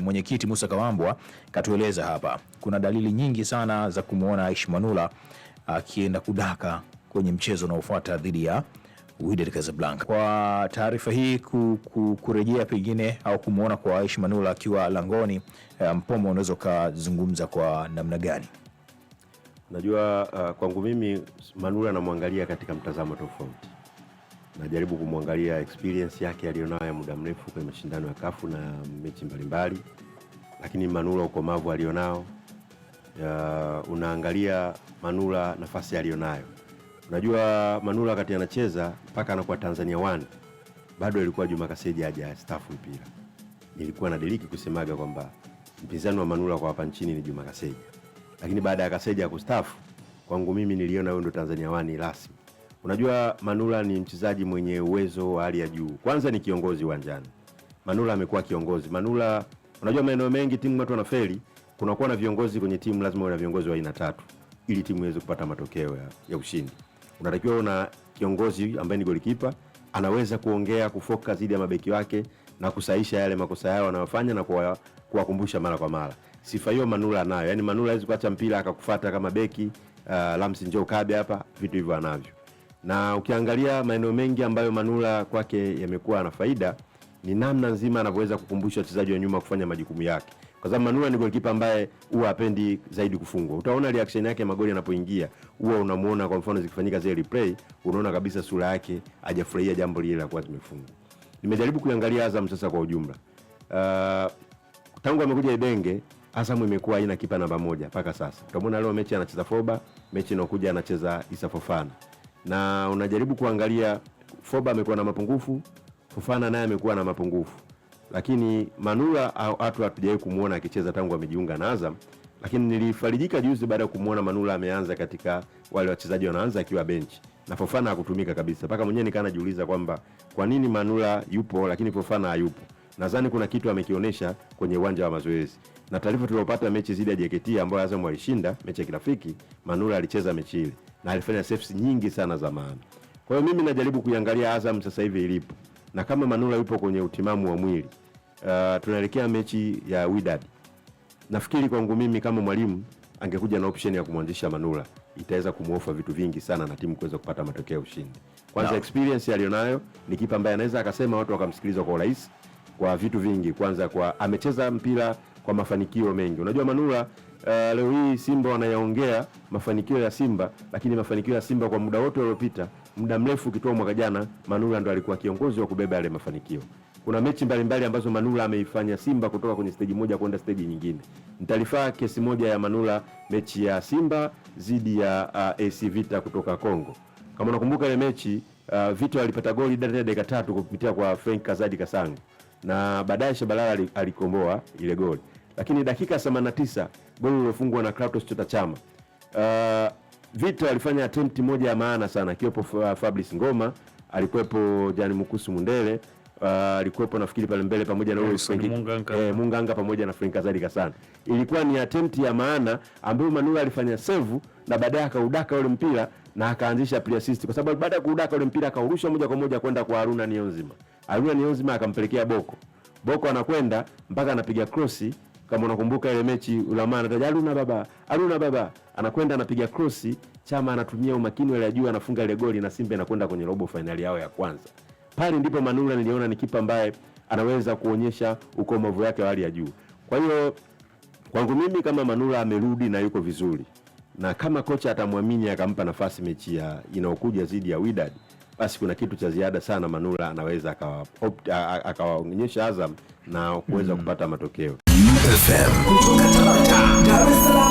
mwenyekiti Musa Kawambwa katueleza hapa, kuna dalili nyingi sana za kumwona aish Manula akienda kudaka kwenye mchezo unaofuata dhidi ya Wydad Casablanca. Kwa taarifa hii ku, ku, kurejea pengine au kumwona kwa aish Manula akiwa langoni, eh, Mpomo, unaweza ukazungumza kwa namna gani? Najua uh, kwangu mimi Manula anamwangalia katika mtazamo tofauti najaribu kumwangalia experience yake aliyonayo ya muda mrefu kwenye mashindano ya kafu na mechi mbalimbali, lakini Manula ukomavu alionao. Uh, unaangalia Manula nafasi aliyonayo. Unajua Manula wakati anacheza mpaka anakuwa Tanzania One bado ilikuwa Juma Kaseja haja staafu mpira. Nilikuwa nadiriki kusemaga kwamba mpinzani wa Manula kwa hapa nchini ni Juma Kaseja, lakini baada ya Kaseja kustaafu, kwangu mimi niliona huyo ndo Tanzania One rasmi. Unajua Manula ni mchezaji mwenye uwezo wa hali ya juu. Kwanza ni kiongozi uwanjani. Manula amekuwa kiongozi. Manula, unajua maeneo mengi timu watu wanafeli, kunakuwa na viongozi kwenye timu, lazima uwe na viongozi wa aina tatu ili timu iweze kupata matokeo ya, ya ushindi. Unatakiwa una kiongozi ambaye ni golikipa, anaweza kuongea, kufoka zidi ya mabeki wake na kusaisha yale makosa yao wanayofanya na kuwakumbusha mara kwa mara. Sifa hiyo Manula anayo. Yaani Manula hawezi kuacha mpira akakufata kama beki, uh, ah, Lamsi njoo kabe hapa, vitu hivyo anavyo na ukiangalia maeneo mengi ambayo Manula kwake yamekuwa na faida ni namna nzima anavyoweza kukumbusha wachezaji wa nyuma kufanya majukumu yake, kwa sababu Manula ni golikipa ambaye huwa hapendi zaidi kufungwa. Utaona reaction yake magoli yanapoingia, huwa unamuona, kwa mfano zikifanyika zile replay, unaona kabisa sura yake hajafurahia jambo lile la kuwa zimefungwa. Nimejaribu kuangalia Azam sasa kwa ujumla. Uh, tangu amekuja Ibenge Azam imekuwa haina kipa namba moja mpaka sasa. Utamwona leo mechi anacheza Foba, mechi inayokuja anacheza Isa Fofana na unajaribu kuangalia Foba amekuwa na mapungufu, Fofana naye amekuwa na mapungufu, lakini Manula hatu hatujawahi kumuona akicheza tangu amejiunga na Azam, lakini nilifarijika juzi baada ya kumuona Manula ameanza katika wale wachezaji wanaanza akiwa benchi na Fofana hakutumika kabisa, mpaka mwenyewe nikaa najiuliza kwamba kwa nini Manula yupo lakini Fofana hayupo. Nadhani kuna kitu amekionyesha kwenye uwanja wa mazoezi, na taarifa tuliopata mechi zidi ya JKT ambayo Azam walishinda mechi ya kirafiki, Manula alicheza mechi ile na alifanya saves nyingi sana za maana. Kwa hiyo mimi najaribu kuiangalia Azam sasa hivi ilipo, na kama Manula yupo kwenye utimamu wa mwili uh, tunaelekea mechi ya Wydad. Nafikiri kwangu mimi kama mwalimu angekuja na option ya kumwanzisha Manula itaweza kumuofa vitu vingi sana na timu kuweza kupata matokeo ushindi. Kwanza no. experience aliyonayo ni kipa ambaye anaweza akasema watu wakamsikiliza kwa urahisi kwa vitu vingi. Kwanza kwa amecheza mpira kwa mafanikio mengi. Unajua Manula uh, leo hii Simba wanayaongea mafanikio ya Simba, lakini mafanikio ya Simba kwa muda wote uliopita, muda mrefu ukitoa mwaka jana, Manula ndo alikuwa kiongozi wa kubeba yale mafanikio. Kuna mechi mbalimbali mbali ambazo Manula ameifanya Simba kutoka kwenye steji moja kwenda steji nyingine. Nitalifaa kesi moja ya Manula, mechi ya Simba dhidi ya uh, eh, AC Vita kutoka Kongo. Kama unakumbuka ile mechi uh, Vita alipata goli ndani ya dakika tatu kupitia kwa Frank Kazadi Kasangu na baadaye Shabalala alikomboa ile goli lakini dakika 89 goli lilofungwa na Clatous Chota Chama. Uh, Vita alifanya attempt moja ya maana sana, akiwepo Fabrice Ngoma, alikuwepo Jani Mukusu Mundele, uh, alikuwepo nafikiri pale mbele pamoja na yes, huyo Munganga. Eh, Munganga pamoja na Frank Kadhalika sana. Ilikuwa ni attempt ya maana ambayo Manula alifanya save na baadaye akaudaka ule mpira na akaanzisha pre assist kwa sababu baada ya kuudaka ule mpira akaurusha moja kwa moja kwenda kwa Haruna Nionzima. Haruna Nionzima akampelekea Boko. Boko anakwenda mpaka anapiga cross kama unakumbuka ile mechi Ulama anataja Aruna Baba, Aruna Baba anakwenda anapiga krosi, Chama anatumia umakini wa juu anafunga ile goli na Simba inakwenda kwenye robo fainali yao ya kwanza. Pale ndipo Manula niliona ni kipa ambaye anaweza kuonyesha ukomavu wake wa hali ya juu. Kwa hiyo kwangu mimi kama Manula amerudi na yuko vizuri na kama kocha atamwamini akampa nafasi mechi ya inaokuja dhidi ya Wydad, basi kuna kitu cha ziada sana Manula anaweza akawaonyesha Azam na kuweza mm -hmm. kupata matokeo. FM. Dar es Salaam.